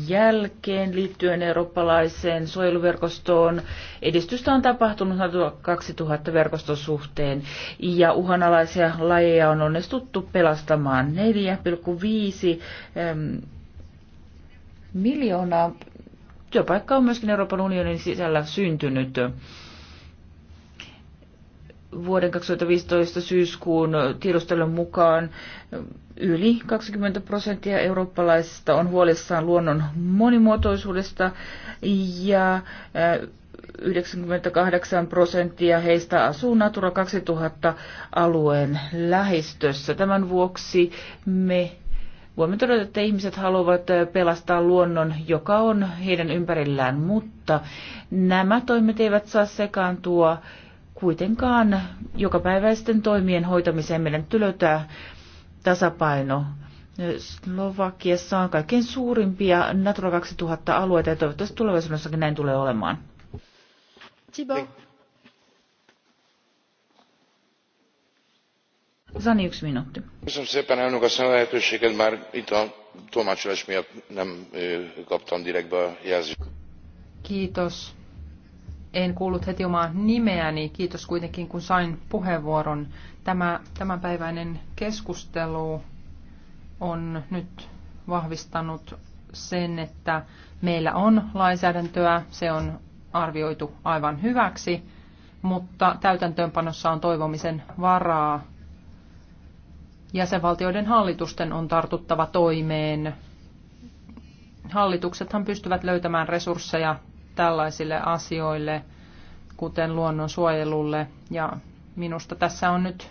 jälkeen liittyen eurooppalaiseen suojeluverkostoon. Edistystä on tapahtunut Natura 2000 verkoston suhteen ja uhanalaisia lajeja on onnistuttu pelastamaan 4,5 miljoonaa työpaikka on myöskin Euroopan unionin sisällä syntynyt. Vuoden 2015 syyskuun tiedustelun mukaan yli 20 prosenttia eurooppalaisista on huolissaan luonnon monimuotoisuudesta ja 98 äh, prosenttia heistä asuu Natura 2000-alueen lähistössä. Tämän vuoksi me voimme todeta, että ihmiset haluavat eh, pelastaa luonnon, joka on heidän ympärillään, mutta nämä toimet eivät saa sekaantua kuitenkaan jokapäiväisten toimien hoitamiseen. Meidän löytää tasapaino. Slovakiassa on kaikkein suurimpia Natura 2000-alueita ja toivottavasti tulevaisuudessakin näin tulee olemaan. Tibor. Köszönöm szépen, elnök asszony, a lehetőséget már itt a tolmácsolás miatt nem kaptam direktbe a jelzést. Kiitos. En kuullut heti omaa nimeäni. Kiitos kuitenkin, kun sain puheenvuoron. Tämä tämänpäiväinen keskustelu on nyt vahvistanut sen, että meillä on lainsäädäntöä. Se on arvioitu aivan hyväksi, mutta täytäntöönpanossa on toivomisen varaa jäsenvaltioiden hallitusten on tartuttava toimeen. Hallituksethan pystyvät löytämään resursseja tällaisille asioille, kuten luonnonsuojelulle. Ja minusta tässä on nyt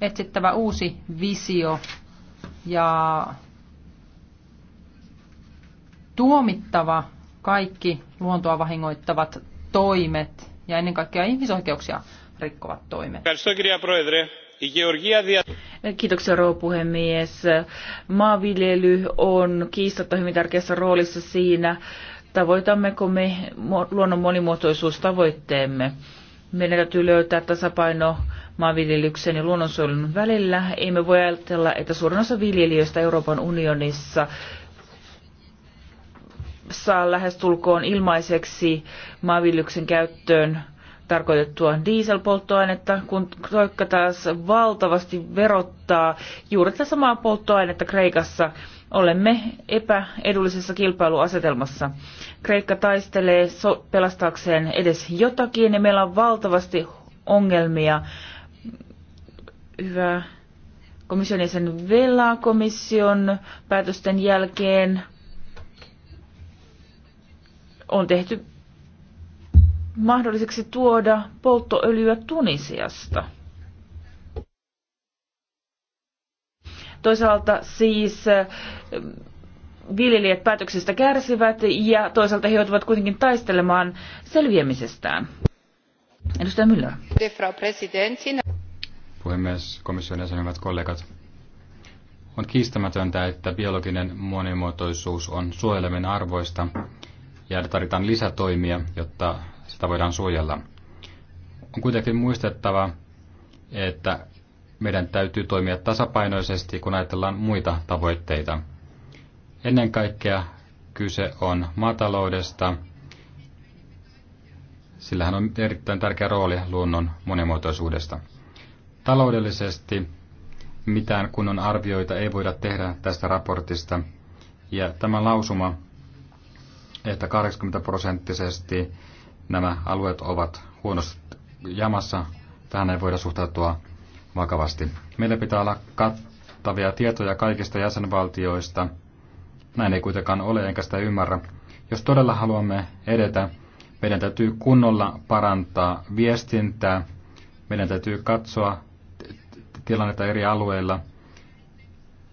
etsittävä uusi visio ja tuomittava kaikki luontoa vahingoittavat toimet ja ennen kaikkea ihmisoikeuksia rikkovat toimet. Kiitoksia rouva puhemies. Maanviljely on kiistatta hyvin tärkeässä roolissa siinä, tavoitammeko me luonnon monimuotoisuustavoitteemme. Meidän täytyy löytää tasapaino maanviljelyksen ja luonnonsuojelun välillä. Emme voi ajatella, että suurin osa viljelijöistä Euroopan unionissa saa lähestulkoon ilmaiseksi maanviljelyksen käyttöön tarkoitettua dieselpolttoainetta, kun toikka taas valtavasti verottaa juuri tätä samaa polttoainetta Kreikassa. Olemme epäedullisessa kilpailuasetelmassa. Kreikka taistelee so- pelastaakseen edes jotakin ja meillä on valtavasti ongelmia. Hyvä komission jäsen Vela komission päätösten jälkeen on tehty mahdolliseksi tuoda polttoöljyä Tunisiasta. Toisaalta siis eh, viljelijät päätöksestä kärsivät ja toisaalta he joutuvat kuitenkin taistelemaan selviämisestään. Edustaja Müller. Puhemies, komission jäsen, hyvät kollegat. On kiistämätöntä, että biologinen monimuotoisuus on suojeleminen arvoista ja tarvitaan lisätoimia, jotta sitä voidaan suojella. On kuitenkin muistettava, että meidän täytyy toimia tasapainoisesti, kun ajatellaan muita tavoitteita. Ennen kaikkea kyse on maataloudesta. Sillähän on erittäin tärkeä rooli luonnon monimuotoisuudesta. Taloudellisesti mitään kunnon arvioita ei voida tehdä tästä raportista. Ja tämä lausuma, että 80 prosenttisesti nämä alueet ovat huonossa jamassa. Tähän ei voida suhtautua vakavasti. Meillä pitää olla kattavia tietoja kaikista jäsenvaltioista. Näin ei kuitenkaan ole, enkä sitä ymmärrä. Jos todella haluamme edetä, meidän täytyy kunnolla parantaa viestintää. Meidän täytyy katsoa tilannetta eri alueilla.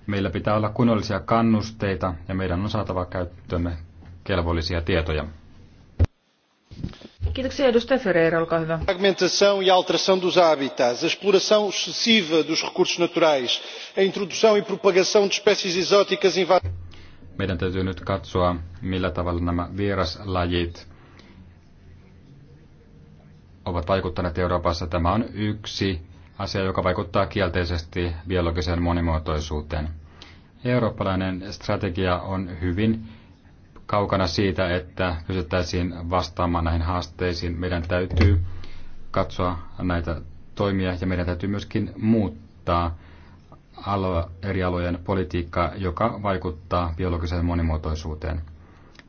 Meillä pitää olla kunnollisia kannusteita ja meidän on saatava käyttöömme kelvollisia tietoja. Kiitoksia edustaja Ferreira, olkaa hyvä. Fragmentação e alteração dos hábitats, a exploração excessiva dos recursos naturais, a introdução e propagação de espécies exóticas invasivas meidän täytyy nyt katsoa, millä tavalla nämä vieraslajit ovat vaikuttaneet Euroopassa. Tämä on yksi asia, joka vaikuttaa kielteisesti biologiseen monimuotoisuuteen. Eurooppalainen strategia on hyvin kaukana siitä, että kysyttäisiin vastaamaan näihin haasteisiin. Meidän täytyy katsoa näitä toimia ja meidän täytyy myöskin muuttaa alo, eri alojen politiikkaa, joka vaikuttaa biologiseen monimuotoisuuteen.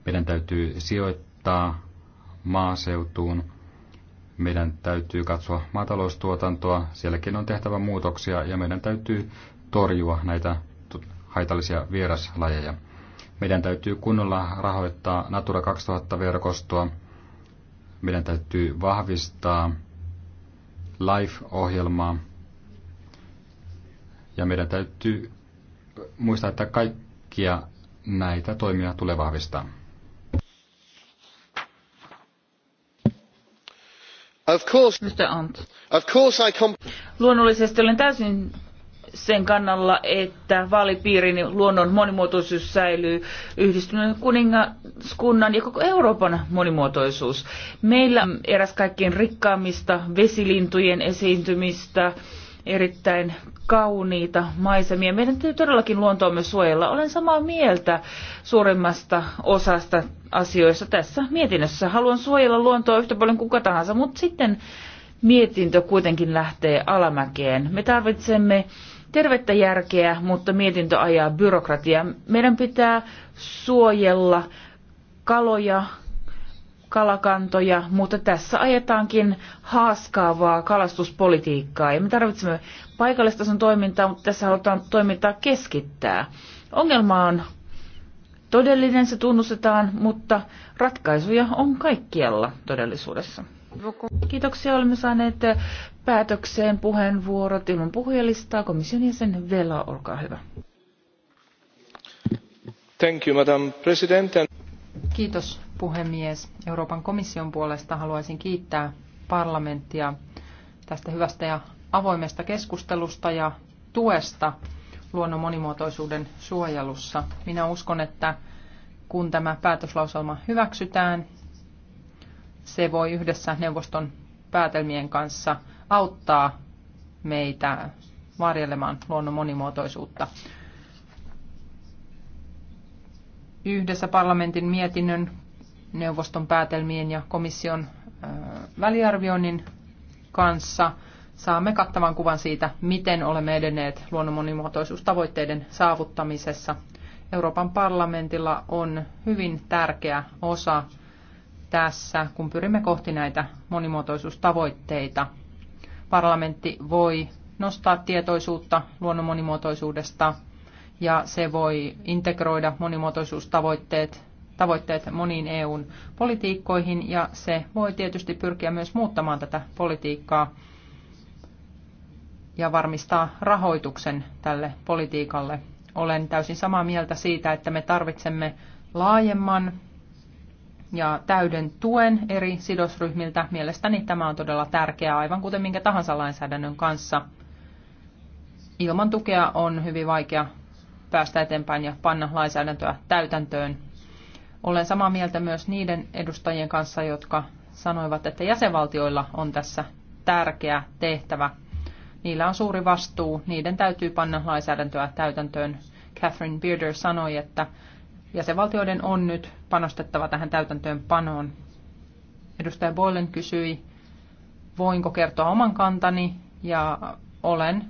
Meidän täytyy sijoittaa maaseutuun. Meidän täytyy katsoa maataloustuotantoa. Sielläkin on tehtävä muutoksia ja meidän täytyy torjua näitä haitallisia vieraslajeja. Meidän täytyy kunnolla rahoittaa Natura 2000-verkostoa. Meidän täytyy vahvistaa LIFE-ohjelmaa. Ja meidän täytyy muistaa, että kaikkia näitä toimia tulee vahvistaa. Of course, Mr. Ant. Of course I Luonnollisesti olen täysin sen kannalla, että vaalipiirin luonnon monimuotoisuus säilyy yhdistyneen kuningaskunnan ja koko Euroopan monimuotoisuus. Meillä on eräs kaikkien rikkaamista vesilintujen esiintymistä, erittäin kauniita maisemia. Meidän täytyy todellakin luontoamme suojella. Olen samaa mieltä suurimmasta osasta asioista tässä mietinnössä. Haluan suojella luontoa yhtä paljon kuin kuka tahansa, mutta sitten mietintö kuitenkin lähtee alamäkeen. Me tarvitsemme tervettä järkeä, mutta mietintö ajaa byrokratiaa. Meidän pitää suojella kaloja, kalakantoja, mutta tässä ajetaankin haaskaavaa kalastuspolitiikkaa. Ja me tarvitsemme paikallistason toimintaa, mutta tässä halutaan toimintaa keskittää. Ongelma on todellinen, se tunnustetaan, mutta ratkaisuja on kaikkialla todellisuudessa. Kiitoksia. Olemme saaneet päätökseen puheenvuorot ilman puhujalistaa. Komission jäsen Vela, olkaa hyvä. Thank you, Madam President. Kiitos puhemies. Euroopan komission puolesta haluaisin kiittää parlamenttia tästä hyvästä ja avoimesta keskustelusta ja tuesta luonnon monimuotoisuuden suojelussa. Minä uskon, että kun tämä päätöslauselma hyväksytään se voi yhdessä neuvoston päätelmien kanssa auttaa meitä varjelemaan luonnon monimuotoisuutta. Yhdessä parlamentin mietinnön, neuvoston päätelmien ja komission väliarvioinnin kanssa saamme kattavan kuvan siitä, miten olemme edenneet luonnon monimuotoisuustavoitteiden saavuttamisessa. Euroopan parlamentilla on hyvin tärkeä osa tässä, kun pyrimme kohti näitä monimuotoisuustavoitteita. Parlamentti voi nostaa tietoisuutta luonnon monimuotoisuudesta ja se voi integroida monimuotoisuustavoitteet tavoitteet moniin EUn politiikkoihin ja se voi tietysti pyrkiä myös muuttamaan tätä politiikkaa ja varmistaa rahoituksen tälle politiikalle. Olen täysin samaa mieltä siitä, että me tarvitsemme laajemman ja täyden tuen eri sidosryhmiltä. Mielestäni tämä on todella tärkeää, aivan kuten minkä tahansa lainsäädännön kanssa. Ilman tukea on hyvin vaikea päästä eteenpäin ja panna lainsäädäntöä täytäntöön. Olen samaa mieltä myös niiden edustajien kanssa, jotka sanoivat, että jäsenvaltioilla on tässä tärkeä tehtävä. Niillä on suuri vastuu, niiden täytyy panna lainsäädäntöä täytäntöön. Catherine Bearder sanoi, että Jäsenvaltioiden on nyt panostettava tähän täytäntöönpanoon. Edustaja Boylen kysyi, voinko kertoa oman kantani, ja olen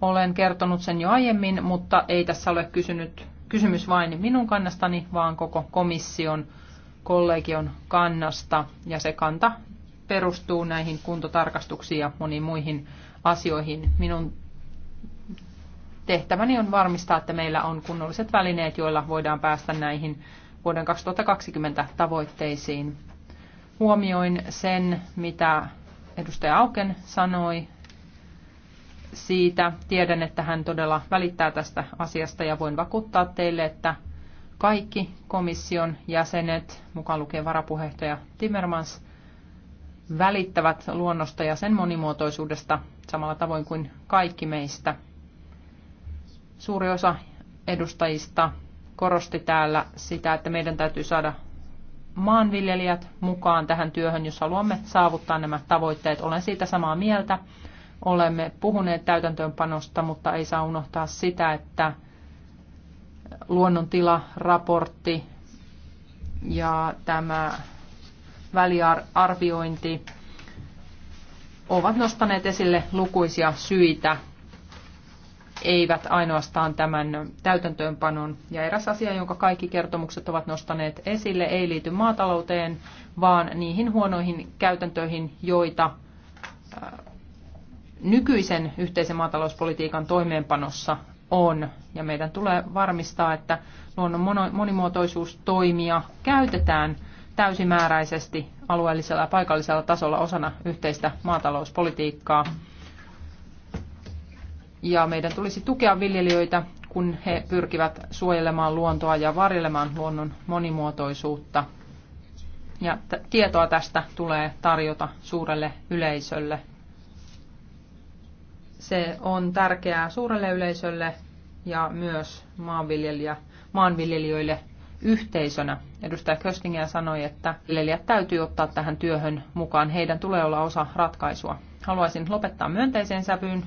olen kertonut sen jo aiemmin, mutta ei tässä ole kysynyt, kysymys vain minun kannastani, vaan koko komission kollegion kannasta. Ja se kanta perustuu näihin kuntotarkastuksiin ja moniin muihin asioihin. Minun tehtäväni on varmistaa, että meillä on kunnolliset välineet, joilla voidaan päästä näihin vuoden 2020 tavoitteisiin. Huomioin sen, mitä edustaja Auken sanoi siitä. Tiedän, että hän todella välittää tästä asiasta ja voin vakuuttaa teille, että kaikki komission jäsenet, mukaan lukien varapuheenjohtaja Timmermans, välittävät luonnosta ja sen monimuotoisuudesta samalla tavoin kuin kaikki meistä – Suuri osa edustajista korosti täällä sitä, että meidän täytyy saada maanviljelijät mukaan tähän työhön, jos haluamme saavuttaa nämä tavoitteet. Olen siitä samaa mieltä. Olemme puhuneet täytäntöönpanosta, mutta ei saa unohtaa sitä, että luonnontilaraportti ja tämä väliarviointi ovat nostaneet esille lukuisia syitä eivät ainoastaan tämän täytäntöönpanon. Ja eräs asia, jonka kaikki kertomukset ovat nostaneet esille, ei liity maatalouteen, vaan niihin huonoihin käytäntöihin, joita äh, nykyisen yhteisen maatalouspolitiikan toimeenpanossa on. Ja meidän tulee varmistaa, että luonnon monimuotoisuustoimia käytetään täysimääräisesti alueellisella ja paikallisella tasolla osana yhteistä maatalouspolitiikkaa ja meidän tulisi tukea viljelijöitä, kun he pyrkivät suojelemaan luontoa ja varjelemaan luonnon monimuotoisuutta. Ja tietoa tästä tulee tarjota suurelle yleisölle. Se on tärkeää suurelle yleisölle ja myös maanviljelijä, maanviljelijöille yhteisönä. Edustaja Köstingiä sanoi, että viljelijät täytyy ottaa tähän työhön mukaan. Heidän tulee olla osa ratkaisua. Haluaisin lopettaa myönteiseen sävyyn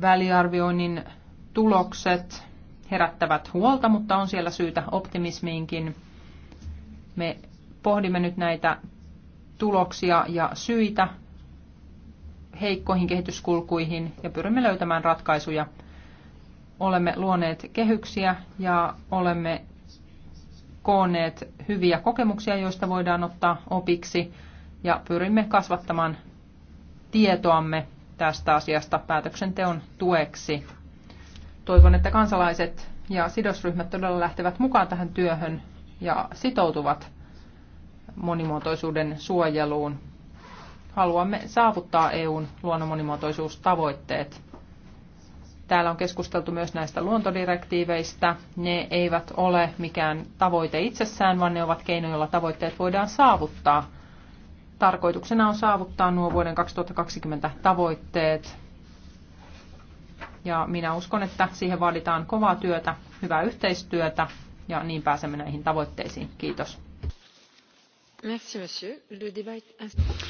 väliarvioinnin tulokset herättävät huolta, mutta on siellä syytä optimismiinkin. Me pohdimme nyt näitä tuloksia ja syitä heikkoihin kehityskulkuihin ja pyrimme löytämään ratkaisuja. Olemme luoneet kehyksiä ja olemme koonneet hyviä kokemuksia, joista voidaan ottaa opiksi ja pyrimme kasvattamaan tietoamme tästä asiasta päätöksenteon tueksi. Toivon, että kansalaiset ja sidosryhmät todella lähtevät mukaan tähän työhön ja sitoutuvat monimuotoisuuden suojeluun. Haluamme saavuttaa EUn luonnon monimuotoisuustavoitteet. Täällä on keskusteltu myös näistä luontodirektiiveistä. Ne eivät ole mikään tavoite itsessään, vaan ne ovat keino, jolla tavoitteet voidaan saavuttaa – Tarkoituksena on saavuttaa nuo vuoden 2020 tavoitteet. Ja minä uskon, että siihen vaaditaan kovaa työtä, hyvää yhteistyötä ja niin pääsemme näihin tavoitteisiin. Kiitos. Merci, monsieur. Le débat...